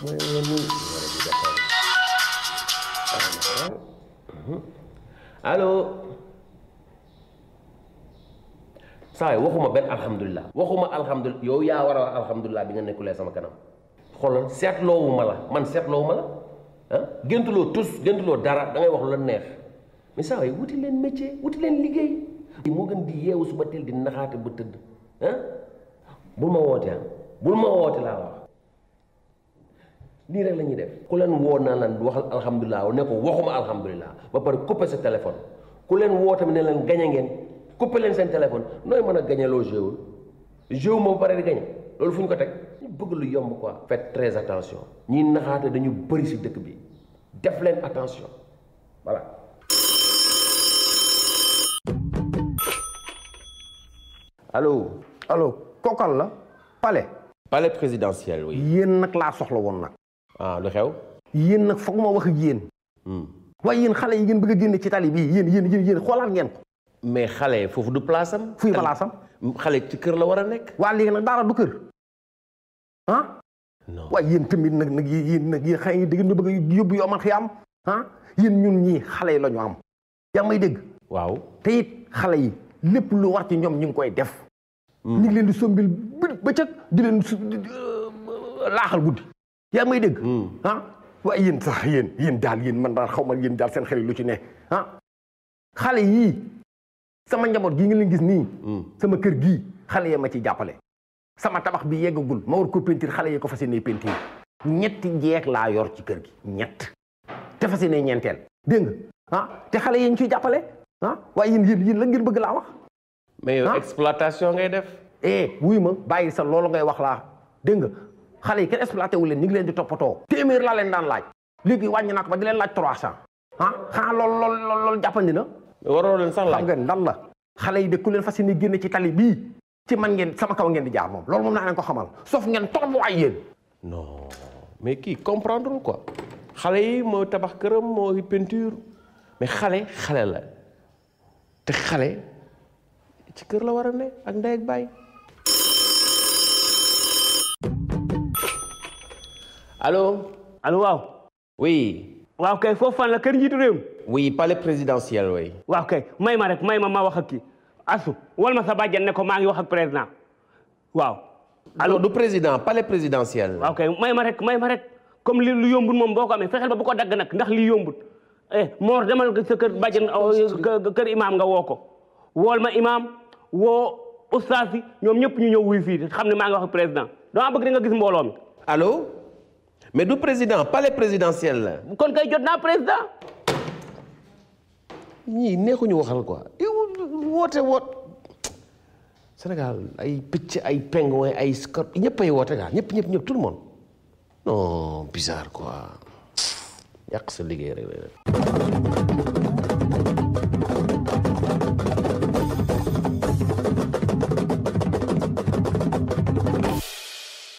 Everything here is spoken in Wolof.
mooy ngeen waxuma benn alhamdulilah waxuma alhamdulilah yow yaa war a alhamdulilah bi nga nekkulee sama kanam xoolal seetloowuma la man seetloowuma la ah géntuloo tus géntuloo dara da ngay wax lu la neex mais saa wuti leen métier wuti leen liggéey moo gën di yeewu suba teel di naxaate ba tëdd ah bul ma woote ah bul ma woote laa wax lii rek la ñuy def ku leen woo naa lan waxal alhamdulilah ne ko waxuma alhamdulilah ba pare couper sa téléphone ku leen woo tamit ne leen gañe ngeen couper leen seen téléphone nooy mën a gañe loo jéewul jéew moom pare di gañe loolu fu ñu ko teg ñu bëgg lu yomb ko faites très attention ñiy naxaate dañu bëri si dëkk bi leen attention voilà. allo. allo kookal la. palais. palais présidentiel oui. nag laa soxla woon na ah lu xew. yen nag foog ma wax ak yéen. Hmm. waaye xale yi ngeen bëgg a génne ci tali bi yéen yéen yéen yéen xoolaat ngeen ko. mais xale foofu du place am. fuy place am xale ci kër la war a nekk. waa léegi nag daara du kër ah. non waaye yéen tamit nag nag yéen nag yi xëy na da ngeen bëgg a yóbbu yoo man am ah yéen ñun ñii xale yi la am. yaa may dégg. waaw te it xale yi lépp lu war ci ñoom ñu ngi koy def. Hmm. ñu ngi leen di sombil bëccëg di leen euh, laaxal guddi. yaa may dégg hmm. ah waaye sax yéen yéen daal yéen man daal xaw ma yéen daal seen xel lu ci ne ah xale yii sama njaboot gii nga leen gis nii hmm. sama kër gi xale ya ma ci jàppale sama tabax bi yeggagul ma war ko pentiir xale yi ko fas yéenee pentiir ñetti jeeg laa yor ci kër gi ñett te fas yéenee ñeenteel dégg nga ah, te xale yi ñu ciy jàppale ah waaye yéen yéen yéen la ngir bëgg laa wax mais yow ah. exploitation ngay def eh wuy ma bàyyi sa loolu ngay wax laa dégg nga xalé yi kenn exploité wu len ñu ngi len di topoto témir la len daan laaj léegi wàññi nak ba di len laaj 300 ha ah lol lol lol lool na sax laaj ngeen dal la xalé yi de ku len fasini genn ci tali bi ci man ngeen sama kaw ngeen di jaar mom lol mom na leen ko xamal sauf ngeen ay yeen non mais ki comprendre quoi xalé yi mo tabax peinture mais xalé xalé la te xalé ci kër la wara ak nday ak Allô Allô, Wow. Oui. waaw kay foofu fan la kër njiitu réew oui palais présidentiel oui. waaw kay may ma rek may ma ma wax ak kii asu wal ma sa bàjjen ne ko maa ngi wax ak président waaw. Allô du président palais présidentiel. waaw kay may ma rek may ma rek comme li lu yombul moom boo ko amee fexeel ba bu ko dagg nag ndax li yombul eh Mor demal sa kër bàjjen kër Imam nga woo ko wool ma imaam woo ustaas yi ñoom ñëpp ñu ñëw wuy fii xam ne maa ngi wax ak président dama bëgg di nga gis mbooloo mi mais du président palais présidentiel la. kon kay jot naa président. ñii neexuñu waxal quoi woote woot Sénégal ay picc ay pingouin ay scorp ñëpp ay woote gaa ñëpp ñëpp ñëpp tout le monde non bizarre quoi yàq sa liggéey rek